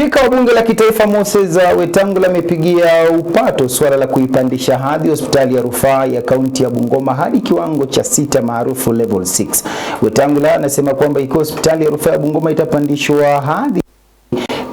Spika wa Bunge la Kitaifa Moses Wetangula amepigia upato suala la kuipandisha hadhi hospitali ya rufaa ya kaunti ya Bungoma hadi kiwango cha sita maarufu level 6. Wetangula anasema kwamba ikiwa hospitali ya rufaa ya Bungoma itapandishwa hadhi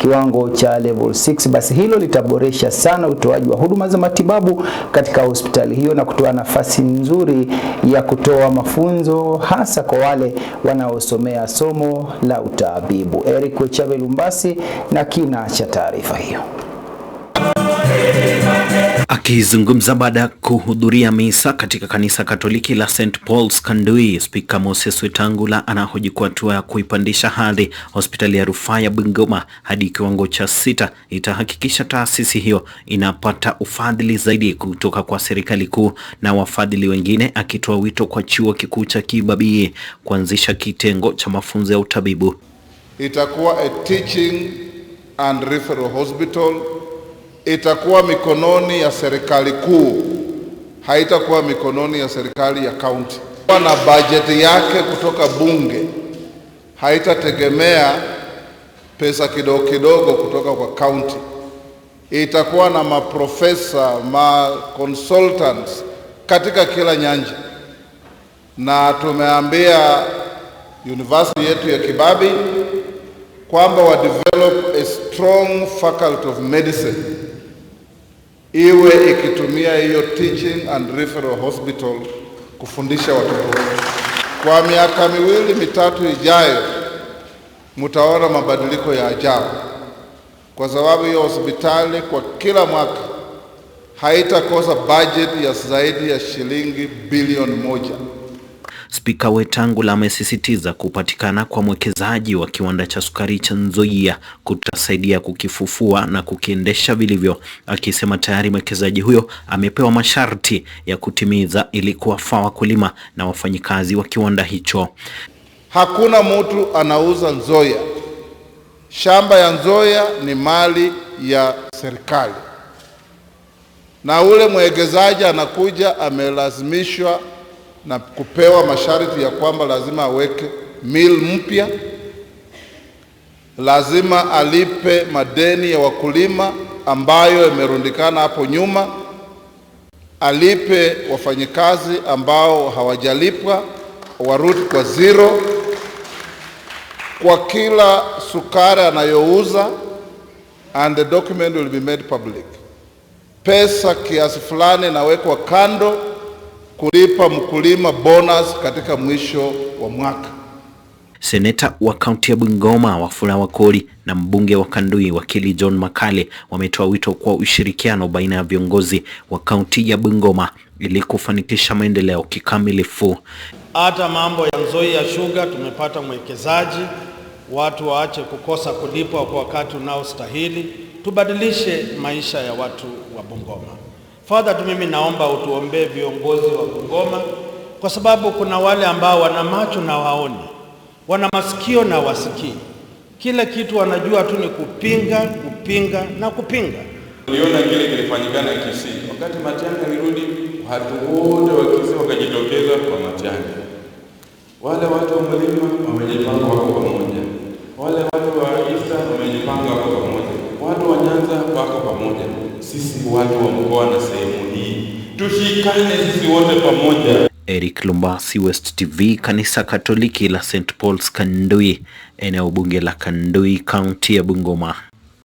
kiwango cha level 6, basi hilo litaboresha sana utoaji wa huduma za matibabu katika hospitali hiyo na kutoa nafasi nzuri ya kutoa mafunzo hasa kwa wale wanaosomea somo la utabibu. Eric Wechabe Lumbasi na kina cha taarifa hiyo. Akizungumza baada ya kuhudhuria misa katika kanisa Katoliki la St Paul's Kandui, Spika Moses Wetangula anahoji kuwa hatua ya kuipandisha hadhi hospitali ya rufaa ya Bungoma hadi kiwango cha sita itahakikisha taasisi hiyo inapata ufadhili zaidi kutoka kwa serikali kuu na wafadhili wengine, akitoa wito kwa chuo kikuu cha Kibabii kuanzisha kitengo cha mafunzo ya utabibu. Itakuwa a teaching and referral hospital itakuwa mikononi ya serikali kuu, haitakuwa mikononi ya serikali ya kaunti. Na bajeti yake kutoka bunge haitategemea pesa kidogo kidogo kutoka kwa kaunti. Itakuwa na maprofesa ma consultants katika kila nyanja, na tumeambia university yetu ya Kibabi kwamba wa develop a strong faculty of medicine iwe ikitumia hiyo teaching and referral hospital kufundisha watoto wetu. Kwa miaka miwili mitatu ijayo, mtaona mabadiliko ya ajabu, kwa sababu hiyo hospitali kwa kila mwaka haitakosa budget ya zaidi ya shilingi bilioni moja. Spika Wetangula amesisitiza kupatikana kwa mwekezaji wa kiwanda cha sukari cha Nzoia kutasaidia kukifufua na kukiendesha vilivyo, akisema tayari mwekezaji huyo amepewa masharti ya kutimiza ili kuwafaa wakulima na wafanyikazi wa kiwanda hicho. Hakuna mtu anauza Nzoia. Shamba ya Nzoia ni mali ya serikali, na ule mwekezaji anakuja amelazimishwa na kupewa masharti ya kwamba lazima aweke mil mpya, lazima alipe madeni ya wakulima ambayo yamerundikana hapo nyuma, alipe wafanyikazi ambao hawajalipwa warudi kwa zero. Kwa kila sukari anayouza, and the document will be made public. Pesa kiasi fulani inawekwa kando kulipa mkulima bonus katika mwisho wa mwaka. Seneta wa kaunti ya Bungoma Wafula Wakoli na mbunge wa Kandui wakili John Makale wametoa wito kwa ushirikiano baina ya viongozi wa kaunti ya Bungoma ili kufanikisha maendeleo kikamilifu. Hata mambo ya Nzoia ya shuga tumepata mwekezaji, watu waache kukosa kulipwa kwa wakati unaostahili, tubadilishe maisha ya watu wa Bungoma. Father, tu mimi naomba utuombee viongozi wa Bungoma, kwa sababu kuna wale ambao wana macho na waone, wana masikio na wasikii. Kila kitu wanajua tu ni kupinga, kupinga na kupinga. Uliona kile kilifanyikana Kisii wakati Matiang'i alirudi, watu wote wa Kisii wakajitokeza kwa Matiang'i. Wale watu wa mlima wamejipanga kwa pamoja, wale watu wa Isa wamejipanga kwa pamoja sisi watu wa mkoa na sehemu hii tushikane sisi wote pamoja. Eric Lumbasi, West TV. Kanisa Katoliki la St Paul's Kandui, eneo bunge la Kandui, kaunti ya Bungoma